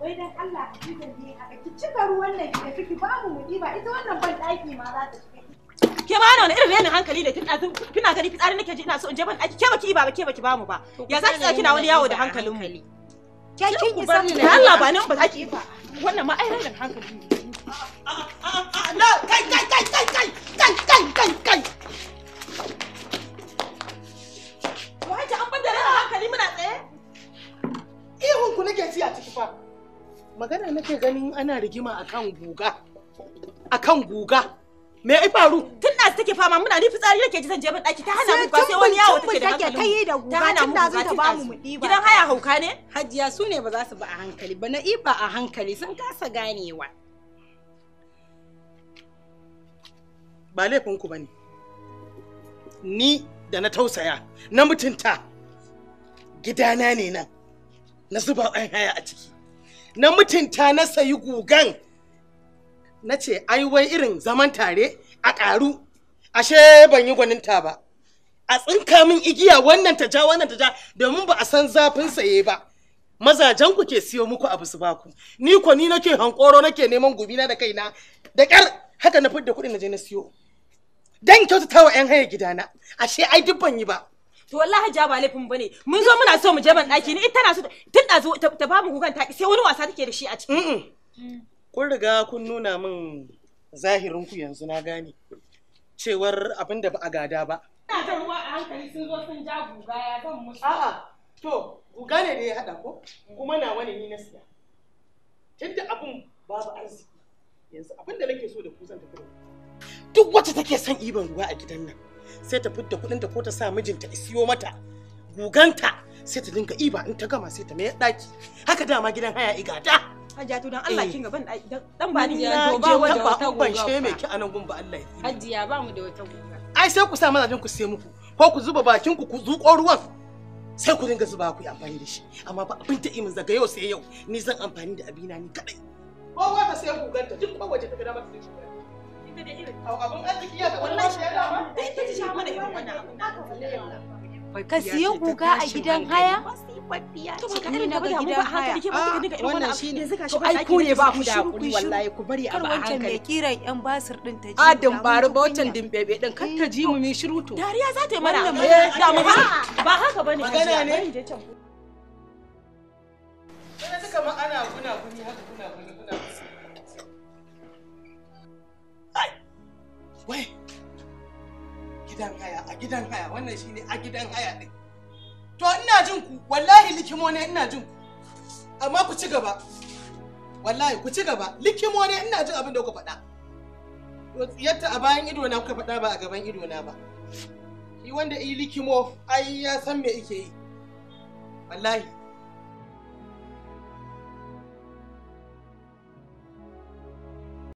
wai dan Allah Hadiza ne a ki cika ruwan nan ki tafi ki ba mu mudi ba ita wannan ban daki ma za ta shiga ke ma wani irin renin hankali da kin ɗazin kina gani fitsari nake ji ina so in je ban aiki ke baki ba ke baki ba mu ba ya za ki tsaya kina wani yawo da hankalin mu ke kin ki san da Allah ba nan ba za ki ba wannan ma ai renin hankali ne kai kai kai kai kai kai kai kai shiru nake ci a ciki fa magana nake ganin ana rigima akan guga akan guga me ai faru tun da take fama muna ni fitsari nake ji zan je ban daki ta hana mu ba sai wani yawo take da hankali ta yi da guga tun da zai ta ba mu mu diba gidan haya hauka ne hajiya su ne ba za su ba a hankali ba na iba a hankali sun kasa ganewa ba laifin ku bane ni da na tausaya na mutunta gidana ne nan na zuba an haya a ciki na mutunta na sayi gugan na ce ai wai irin zaman tare a ƙaru ashe ban yi gwaninta ba a tsinka min igiya wannan ta ja wannan ta ja domin ba a san zafin saye ba mazajen ku ke siyo muku abu su baku ni ko ni nake hankoro nake neman gumina da kaina da ƙar haka na fidda kuɗin na je na siyo dan kyautata wa 'yan haya gidana ashe ai duk ban yi ba to wallahi ja ba laifin bane mun zo muna so mu je ban daki ni ita na so tun da zo ta ba mu gugan ta sai wani wasa take da shi a ciki kun riga kun nuna min zahirin ku yanzu na gane cewar abin da ba a gada ba ina ta ruwa a hankali sun zo sun ja guga ya zan musu a'a to guga ne da ya hada ko kuma na wani ni na siya tunda abin babu arziki yanzu abin da nake so da ku zan tafi duk wacce take son iban ruwa a gidan nan sai ta fidda kuɗinta ko ta sa mijinta ya siyo mata guganta sai ta dinga iba in ta gama sai ta mai ɗaki haka dama gidan haya igata Hajiya to eh. dan Allah kin gaban dan ba ni to ba wanda wata guga. Ban she me ki anan gun ba Allah ya Hajiya ba mu da wata guga. Ai sai ku sa mazajin ku sai muku ko ku zuba bakin ku ku zuƙo ruwan sai ku dinga zuba ku yi amfani da shi amma ba abin ta imin zaga yau sai yau ni zan amfani da abina ni kadai. Ko wata sai guganta duk waje ta ga ba ta shi. Ita da irin. abun arziki ya ga wallahi ya dama. ka siyo guga a gidan haya to ba ka irin gidan haya ah, wannan to ai ku ne ba ku da hakuri wallahi ku bari a hankali kiran yan basir din ta ji adam bari ba wancan dimbebe din kar ta ji mu dariya za ta yi mana da eh, mu ba haka magana ne suka guna guni haka guna guni guna wai gidan haya a gidan haya wannan shine a gidan haya din to ina jin ku wallahi likimo ne ina jin ku amma ku ci gaba wallahi ku ci gaba likimo ne ina jin abin da kuka faɗa yadda a bayan ido na kuka faɗa ba a gaban ido na ba shi wanda yi likimo ai ya san me yake yi wallahi